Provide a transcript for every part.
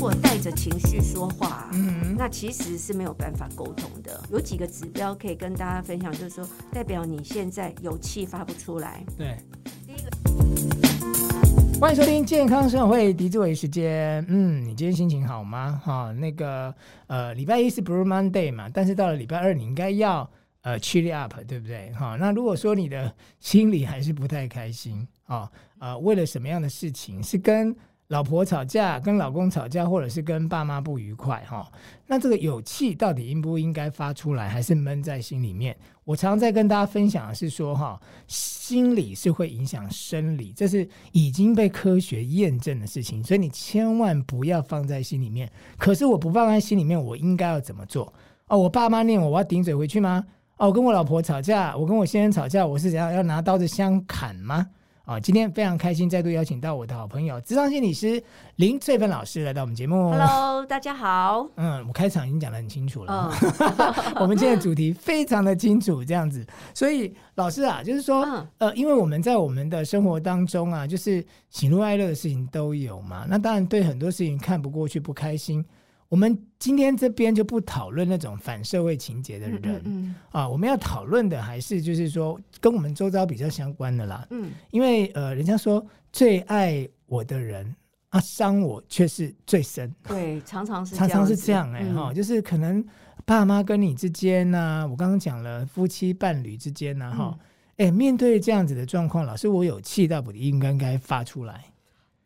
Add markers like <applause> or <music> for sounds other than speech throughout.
如果帶着情緒說話，那其實是沒有辦法溝通的。有幾個指標可以跟大家分享，就是說代表你現在有氣發不出來。對，第一個，歡迎收聽健康生活會狄志為時間。嗯，你今天心情好嗎？哈、哦，那個呃，禮拜一是 Blue Monday 嘛，但是到了禮拜二，你應該要呃 cheer up，對不對？哈、哦，那如果說你的心裡還是不太開心，啊、哦呃、為了什麼樣的事情？是跟老婆吵架，跟老公吵架，或者是跟爸媽不愉快，哈，那這個有氣到底應不應該發出來，還是悶在心裡面？我常常在跟大家分享的是說，哈，心理是會影響生理，這是已經被科學驗證的事情，所以你千萬不要放在心裡面。可是我不放在心裡面，我應該要怎麼做？哦，我爸媽念我，我要頂嘴回去嗎？哦，我跟我老婆吵架，我跟我先生吵架，我是怎樣要拿刀子相砍嗎？好，今天非常開心，再度邀請到我的好朋友、諮商心理師林翠芬老師來到我們節目。Hello，大家好。嗯，我開場已經講得很清楚了。Uh. <laughs> <laughs> 我們今天的主題非常的清楚，這樣子。所以，老師啊，就是說，呃，因為我們在我們的生活當中啊，就是喜怒哀樂的事情都有嘛。那當然，對很多事情看不過去，不開心。我們今天這邊就不討論那種反社會情節的人，嗯嗯、啊，我們要討論的還是就是說跟我們周遭比較相關的啦，嗯，因為呃，人家說，最愛我的人啊，傷我卻是最深，對，常常是這樣，常常是這樣。哎、欸、哈、嗯，就是可能爸媽跟你之間呢、啊，我剛剛講了夫妻伴侶之間呢、啊、哈、嗯欸，面對這樣子的狀況，老師，我有氣，到底應該應該發出來？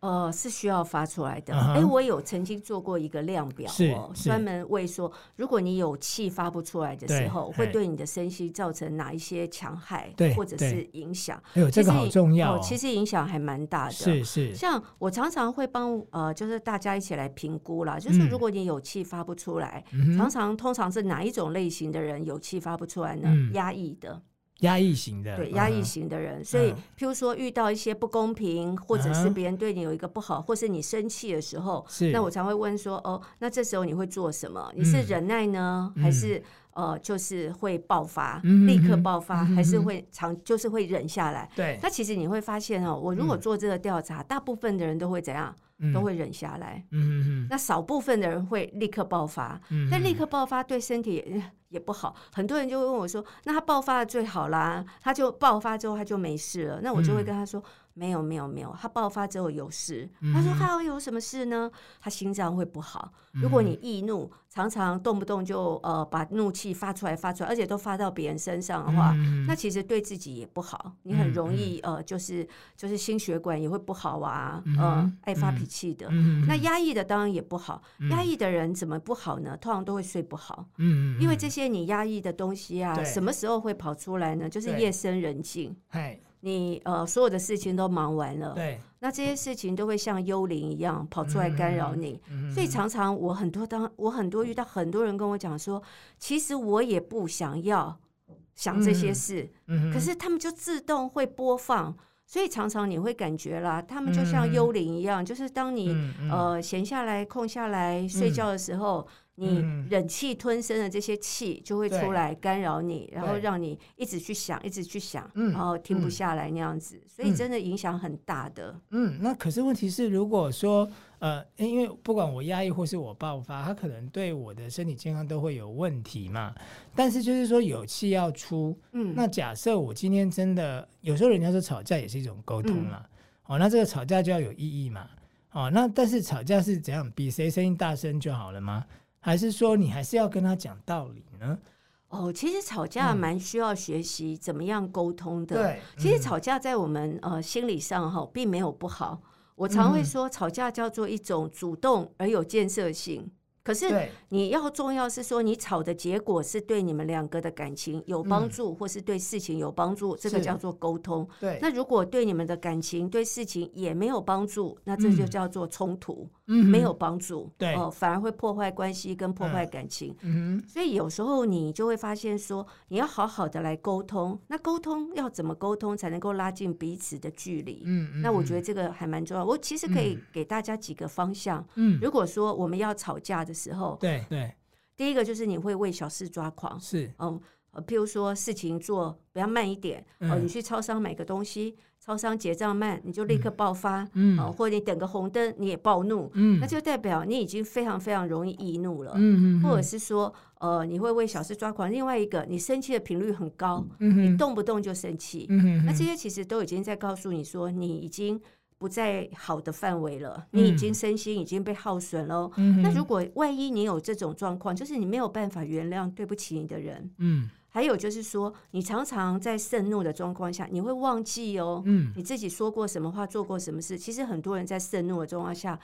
呃，是需要發出來的。哎、uh huh 欸，我有曾經做過一個量表，喔，專門為說，如果你有氣發不出來的時候，對會對你的身心造成哪一些強害，或者是影響。哎呦、呃，這個好重要，啊其喔。其實影響還蠻大的。是是，是像我常常會幫呃，就是大家一起來評估啦，就是如果你有氣發不出來，嗯、常常通常是哪一種類型的人有氣發不出來呢？壓、嗯、抑的。壓抑型的，對，壓抑型的人，所以譬如說遇到一些不公平，或者是別人對你有一個不好，或是你生氣的時候，那我常會問說，哦，那這時候你會做什麼？你是忍耐呢，還是呃，就是會爆發，立刻爆發，還是會常，就是會忍下來？對。那其實你會發現哦，我如果做這個調查，大部分的人都會怎樣？都會忍下來。嗯嗯。那少部分的人會立刻爆發。但那立刻爆發對身體。也不好，很多人就會問我說：“那他爆發了最好啦，他就爆發之後他就沒事了。”那我就會跟他說：“沒有、嗯，沒有，沒有，他爆發之後有事。嗯哼”他說：“他要有什麼事呢？他心臟會不好。如果你易怒。嗯”常常動不動就呃把怒氣發出來發出來，而且都發到別人身上的話，那其實對自己也不好。你很容易呃，就是就是心血管也會不好啊。呃愛發脾氣的，那壓抑的當然也不好。壓抑的人怎麼不好呢？通常都會睡不好。因為這些你壓抑的東西啊，什麼時候會跑出來呢？就是夜深人靜。你呃，所有的事情都忙完了，對，那這些事情都會像幽靈一樣跑出來干擾你。嗯嗯、所以常常我很多當我很多遇到很多人跟我講說，其實我也不想要想這些事，嗯嗯嗯、可是他們就自動會播放。所以常常你會感覺啦，他們就像幽靈一樣，嗯、就是當你、嗯嗯、呃閒下來、空下來、睡覺的時候。嗯你忍氣吞聲的這些氣就會出來干擾你，嗯、然後讓你一直去想，一直去想，嗯、然後停不下來那樣子，嗯、所以真的影響很大的。嗯，那可是問題是，如果說呃，因為不管我壓抑或是我爆發，他可能對我的身體健康都會有問題嘛。但是就是說有氣要出，嗯，那假設我今天真的有時候人家說吵架也是一種溝通嘛。嗯、哦，那這個吵架就要有意義嘛，哦，那但是吵架是怎樣，比誰聲音大聲就好了嗎？還是說你還是要跟他講道理呢？哦，其實吵架蠻需要學習怎麼樣溝通的。嗯嗯、對、其實吵架在我們呃心理上哈、哦、並沒有不好。我常會說，嗯、吵架叫做一種主動而有建設性。可是你要重要是說你吵的結果是對你們兩個的感情有幫助，或是對事情有幫助，這個叫做溝通。對，那如果對你們的感情、對事情也沒有幫助，那這就叫做衝突，沒有幫助，對，哦，反而會破壞關係跟破壞感情。嗯，所以有時候你就會發現說，你要好好的來溝通。那溝通要怎麼溝通才能夠拉近彼此的距離？嗯，那我覺得這個還蠻重要。我其實可以給大家幾個方向。嗯，如果說我們要吵架的。時候，對對，對第一個就是你會為小事抓狂，是嗯、呃，譬如說事情做比較慢一點，哦、嗯呃，你去超商買個東西，超商結賬慢，你就立刻爆發，嗯、呃，或者你等個紅燈你也暴怒，嗯，那就代表你已經非常非常容易易怒了，嗯嗯，嗯嗯或者是說，呃，你會為小事抓狂，另外一個你生氣的頻率很高，嗯嗯、你動不動就生氣、嗯，嗯，嗯那這些其實都已經在告訴你說，你已經。不在好的範圍了，你已經身心已經被耗損了。嗯、那如果萬一你有這種狀況，就是你沒有辦法原諒對不起你的人。嗯，還有就是說，你常常在盛怒的狀況下，你會忘記哦，嗯、你自己說過什麼話，做過什麼事。其實很多人在盛怒的狀況下。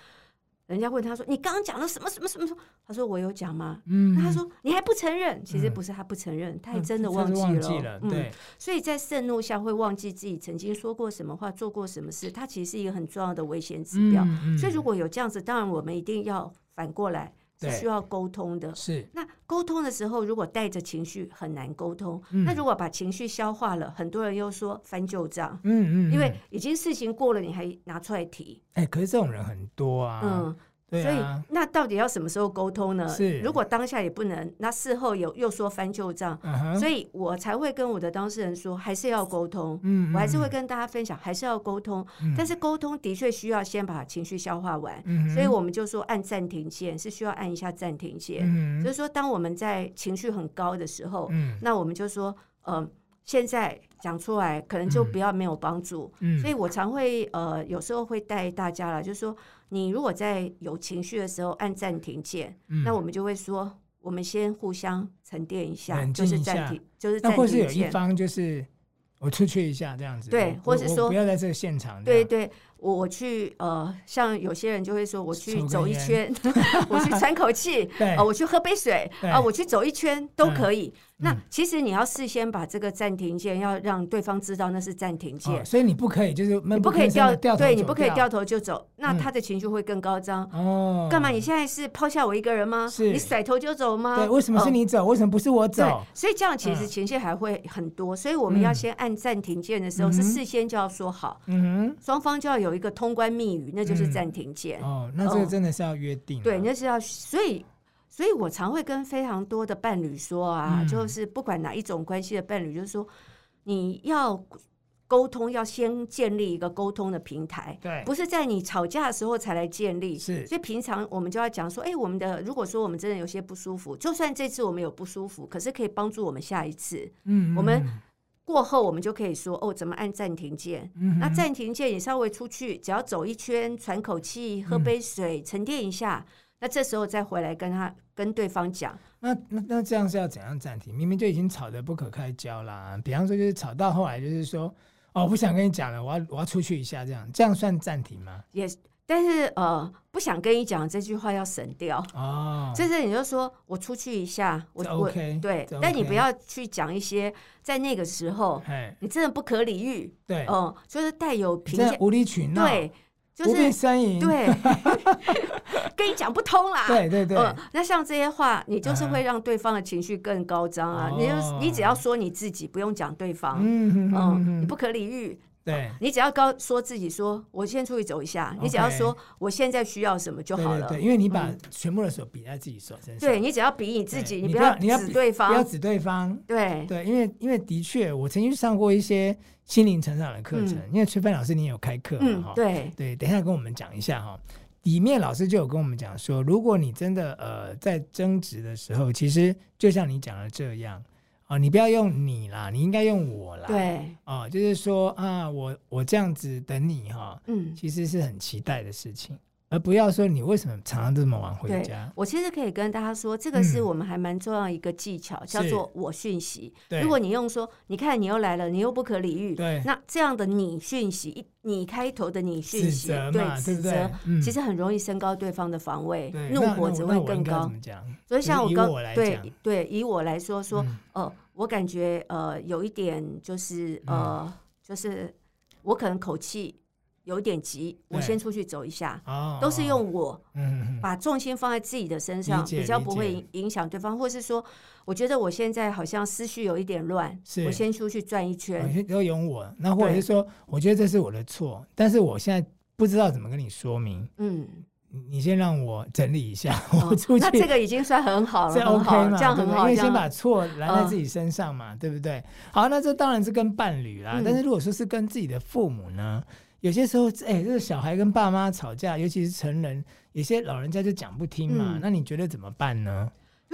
人家問他說：“你剛剛講了什麼什麼什麼什麼？”他說：“我有講嗎？”嗯，那他說：“你還不承認？”其實不是他不承認，嗯、他還真的忘記了。嗯。所以在盛怒下會忘記自己曾經說過什麼話、做過什麼事，他其實是一個很重要的危險指標。嗯嗯、所以如果有這樣子，當然我們一定要反過來。是對需要溝通的，是，那溝通的時候，如果帶着情緒很難溝通。嗯、那如果把情緒消化了，很多人又說翻舊賬，嗯，嗯嗯，因為已經事情過了，你還拿出來提。哎、欸，可是這種人很多啊。嗯。啊、所以，那到底要什麼時候溝通呢？是如果當下也不能，那事後有又說翻舊賬，uh、huh, 所以我才會跟我的當事人說，還是要溝通。嗯嗯、我還是會跟大家分享，還是要溝通。嗯、但是溝通的確需要先把情緒消化完。嗯、所以我們就說按暫停鍵，是需要按一下暫停鍵。嗯、就是說，當我們在情緒很高的時候，嗯、那我們就說，嗯、呃，現在講出來可能就不要沒有幫助。嗯嗯、所以我常會呃，有時候會帶大家了，就是說。你如果在有情緒的時候按暫停鍵，嗯、那我們就會說，我們先互相沉澱一下，嗯、就是暫停，停，就是暫停鍵。那或是有一方就是我出去一下這樣子，對，哦、或是說，不要在這個現場。對，對對。我我去呃，像有些人就會說我去走一圈，我去喘口氣，對，我去喝杯水，對，我去走一圈都可以。那其實你要事先把這個暫停鍵，要讓對方知道那是暫停鍵，所以你不可以就是你不可以掉掉，對，你不可以掉頭就走，那他的情緒會更高漲。哦，幹嘛你現在是拋下我一個人嗎？是，你甩頭就走嗎？對，為什麼是你走？為什麼不是我走？所以這樣其實情緒還會很多。所以我們要先按暫停鍵的時候，是事先就要說好，雙方就要有。有一個通關密語，那就是暫停鍵、嗯。哦，那這個真的是要約定、啊哦。對，那是要、啊，所以，所以我常會跟非常多的伴侶說啊，嗯、就是不管哪一種關係的伴侶，就是說你要溝通，要先建立一個溝通的平台。對，不是在你吵架的時候才來建立。是，所以平常我們就要講說，哎、欸，我們的如果說我們真的有些不舒服，就算這次我們有不舒服，可是可以幫助我們下一次。嗯、嗯，我們。過後我們就可以說哦，怎麼按暫停鍵？嗯、哼那暫停鍵你稍微出去，只要走一圈，喘口氣，喝杯水，嗯、沉澱一下。那這時候再回來跟他跟對方講。那那那這樣是要怎樣暫停？明明就已經吵得不可開交啦、啊。比方說就是吵到後來就是說，哦，我不想跟你講了，我要我要出去一下這，這樣這樣算暫停嗎？Yes。但是呃，不想跟你講這句話要省掉啊，就是你就說我出去一下，我我對，但你不要去講一些在那個時候，你真的不可理喻，對，嗯，就是帶有評價、無理取鬧，對，無病呻吟，對，跟你講不通啦，對對對，那像這些話，你就是會讓對方的情緒更高漲啊，你就你只要說你自己，不用講對方，嗯嗯，你不可理喻。對、啊，你只要高說自己說，我先出去走一下。Okay，你只要說我現在需要什麼就好了。對，對，對，因為你把全部的手比在自己身上，嗯、對，你只要比你自己，對你不要你要指對方，不要指對方。對對，因為因為的確，我曾經上過一些心靈成長的課程，嗯、因為翠芬老師你也有開課嘛？哈、嗯，對對，等一下跟我們講一下哈。裡面老師就有跟我們講說，如果你真的呃在爭執的時候，其實就像你講的這樣。哦，你不要用你啦，你應該用我啦。對，哦，就是說啊，我我這樣子等你哈、哦，嗯，其實是很期待的事情。而不要說你為什麼常常這麼晚回家。對，我其實可以跟大家說，這個是我們還蠻重要一個技巧，叫做我訊息。如果你用說，你看你又來了，你又不可理喻，那這樣的你訊息，你開頭的你訊息，對，指責，其實很容易升高對方的防衛，怒火只會更高。所以像我剛對對，以我來說說，哦，我感覺呃有一點就是呃，就是我可能口氣。有點急，我先出去走一下。都是用我，把重心放在自己的身上，比較不會影響對方，或是說，我覺得我現在好像思緒有一點亂，我先出去轉一圈。都用我，那或者是說，我覺得這是我的錯，但是我現在不知道怎麼跟你說明。嗯，你先讓我整理一下，我出去。那這個已經算很好了，OK，這樣很好，因為先把錯攬在自己身上嘛，對不對？好，那這當然是跟伴侶啦，但是如果說是跟自己的父母呢？有些時候，哎、欸，這個小孩跟爸媽吵架，尤其是成人，有些老人家就講不聽嘛。嗯、那你覺得怎麼辦呢？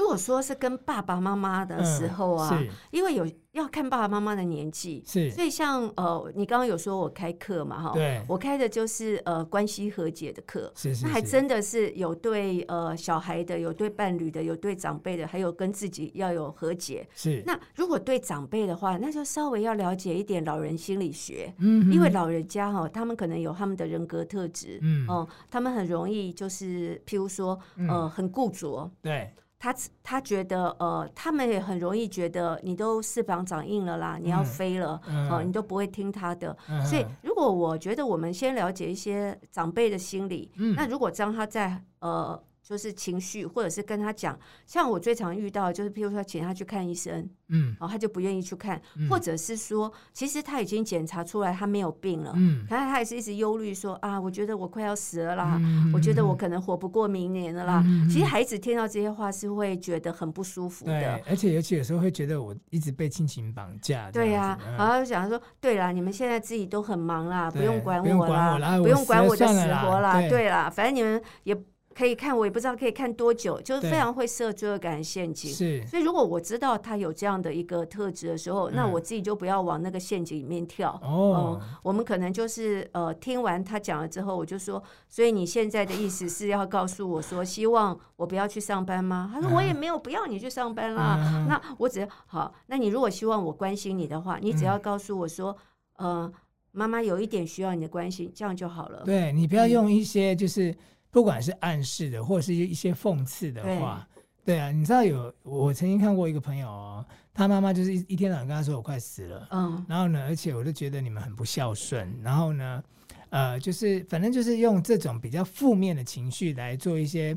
如果說是跟爸爸媽媽的時候啊，嗯、因為有要看爸爸媽媽的年紀，是所以像呃，你剛剛有說我開課嘛哈，對我開的就是呃關係和解的課，是是是，那還真的是有對呃小孩的，有對伴侶的，有對長輩的，還有跟自己要有和解。是，那如果對長輩的話，那就稍微要了解一點老人心理學，嗯哼，因為老人家哈，他們可能有他們的人格特質，嗯、呃，他們很容易就是譬如說呃、嗯、很固着，對。他他覺得，呃，他們也很容易覺得你都翅膀長硬了啦，你要飛了，嗯嗯、呃，你都不會聽他的。嗯、所以，如果我覺得我們先了解一些長輩的心理，嗯、那如果讓他在呃。就是情緒，或者是跟他講，像我最常遇到，就是譬如說請他去看醫生，嗯，然後他就不願意去看，或者是說，其實他已經檢查出來他沒有病了，嗯，可是他還是一直憂慮說啊，我覺得我快要死了啦，我覺得我可能活不過明年了啦。其實孩子聽到這些話是會覺得很不舒服的，而且尤其有時候會覺得我一直被親情綁架，對呀，然後他就講說，對啦，你們現在自己都很忙啦，不用管我啦，不用管我的死活啦，對啦，反正你們也可以看，我也不知道可以看多久，就是非常會設罪惡感的陷阱。是，所以如果我知道他有這樣的一個特質的時候，嗯、那我自己就不要往那個陷阱裡面跳。哦、呃，我們可能就是呃，聽完他講了之後，我就說，所以你現在的意思是要告訴我說，希望我不要去上班嗎？嗯、他說我也沒有，不要你去上班啦，嗯、那我只要，好。那你如果希望我關心你的話，你只要告訴我說，嗯、呃，媽媽有一點需要你的關心，這樣就好了。對，你不要用一些就是。不管是暗示的，或者是一些諷刺的話，對，對啊，你知道有我曾經看過一個朋友哦、喔，他媽媽就是一,一天到晚跟他說，我快死了，嗯，然後呢，而且我就覺得你們很不孝順，然後呢，呃，就是反正就是用這種比較負面的情緒來做一些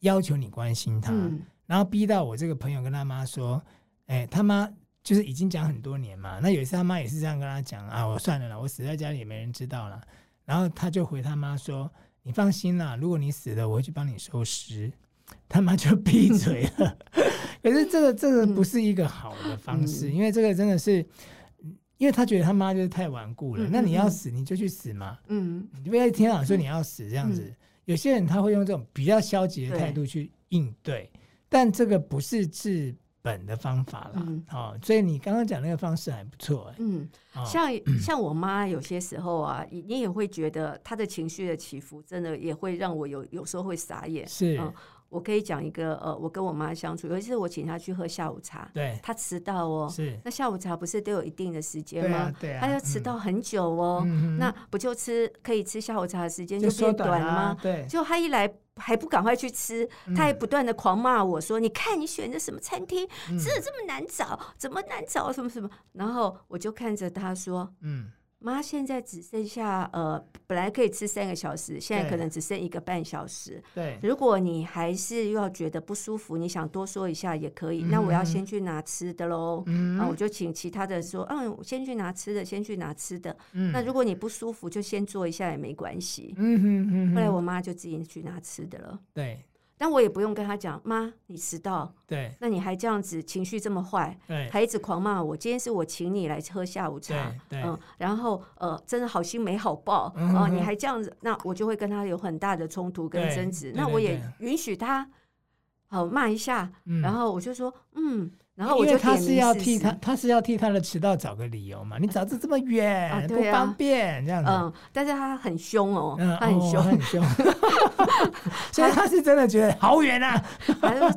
要求你關心他，嗯、然後逼到我這個朋友跟他媽說，哎、欸，他媽就是已經講很多年嘛，那有一次他媽也是這樣跟他講啊，我算了啦，我死在家裡也沒人知道了，然後他就回他媽說。你放心啦、啊，如果你死了，我會去幫你收屍。他媽就閉嘴了。 <laughs> 可是這個這個不是一個好的方式，嗯、因為這個真的是，因為他覺得他媽就是太頑固了。嗯嗯，那你要死你就去死嘛，嗯，不要天老說你要死這樣子。嗯、有些人他會用這種比較消極的態度去應對，對，但這個不是治本的方法啦，嗯、哦，所以你剛剛講那個方式還不錯，欸。嗯，像像我媽有些時候啊，嗯、你也會覺得她的情緒的起伏，真的也會讓我有有時候會傻眼。是，嗯，我可以講一個，呃，我跟我媽相處，尤其是我請她去喝下午茶，對，她遲到哦。喔，是，那下午茶不是都有一定的時間嗎？對、啊，對啊，她要遲到很久哦。喔，嗯、那不就吃可以吃下午茶的時間就變短了嗎？啊、對，就她一來。還不趕快去吃？他還不斷的狂罵我說：“嗯、你看你選的什麼餐廳，嗯、吃的這麼難找，怎麼難找？什麼什麼？”然後我就看着他說：“嗯。”媽現在只剩下呃，本來可以吃三個小時，現在可能只剩一個半小時。對，對，如果你還是又要覺得不舒服，你想多說一下也可以。那我要先去拿吃的嘍，嗯哼、啊，我就請其他的說，嗯、啊，先去拿吃的，先去拿吃的。嗯，那如果你不舒服，就先坐一下也沒關係。嗯哼嗯哼。後來我媽就自己去拿吃的了。對。但我也不用跟他講，媽，你遲到。對，那你還這樣子，情緒這麼壞，還一直對狂罵我。今天是我請你來喝下午茶，嗯、呃，然後呃，真的好心沒好報啊，嗯、哼你還這樣子，那我就會跟他有很大的衝突跟爭執。對對對，那我也允許他，好罵一下，嗯、然後我就說，嗯。我就，他是要替他，他是要替他的遲到找個理由嘛？你找這這麼遠，不方便這樣子。嗯，但是他很凶哦，他很凶很凶。所以他是真的覺得好遠啊，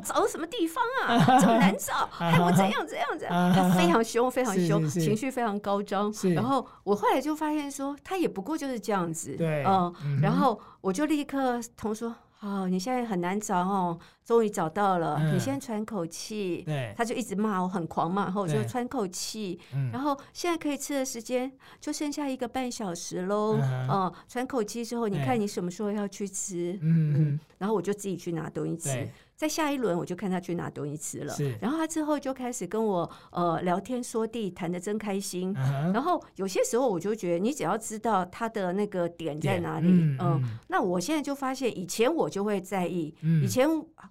找什麼地方啊，找難找，哎，我怎樣怎樣怎樣，他非常凶，非常凶，情緒非常高漲。然後我後來就發現說，他也不過就是這樣子，對，嗯。然後我就立刻同說。哦，你現在很難找哦，終於找到了。嗯、你先喘口氣，對，他就一直罵我很狂嘛，然後我就喘口氣，嗯、然後現在可以吃的時間就剩下一個半小時嘍。哦、嗯哼呃，喘口氣之後，你看你什麼時候要去吃，對嗯，嗯嗯嗯然後我就自己去拿東西吃。在下一輪，我就看他去拿東西吃了。是然後他之後就開始跟我呃聊天說地，談得真開心。Uh huh. 然後有些時候，我就覺得你只要知道他的那個點在哪裡，嗯，那我現在就發現，以前我就會在意。Mm hmm. 以前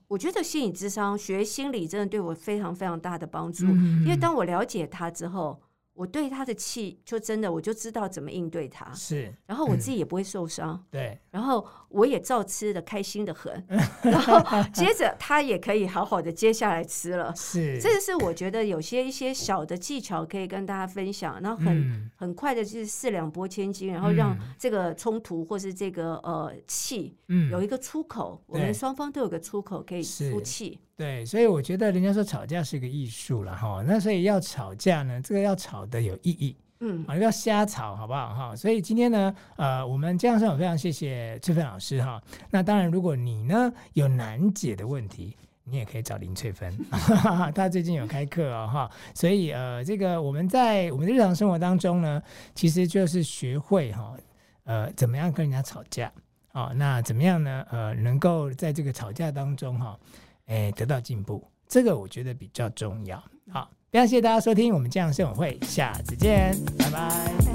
我覺得心理諮商學心理真的對我非常非常大的幫助，mm hmm. 因為當我了解他之後，我對他的氣就真的，我就知道怎麼應對他。是，然後我自己也不會受傷。嗯、對，然後我也照吃的開心得很。 <laughs> 然後接着他也可以好好的接下來吃了。是，這就是我覺得有些一些小的技巧可以跟大家分享，然後很、嗯、很快的就是四兩撥千斤，然後讓這個衝突或是這個呃氣，嗯，有一個出口，嗯、我們雙方都有一個出口可以出氣。對，所以我覺得人家說吵架是一個藝術了哈，那所以要吵架呢，這個要吵得有意義，嗯，不要瞎吵好不好哈？所以今天呢，呃，我們這樣說，我非常謝謝翠芬老師哈。那當然，如果你呢有難解的問題，你也可以找林翠芬，她 <laughs> <laughs> 最近有開課哦。哈。所以呃，這個我們在我們的日常生活當中呢，其實就是學會哈，呃，怎麼樣跟人家吵架啊、哦？那怎麼樣呢？呃，能夠在這個吵架當中哈。哎，得到進步，這個我覺得比較重要。好，非常謝謝大家收聽我們這樣的生活會，下次見，拜拜。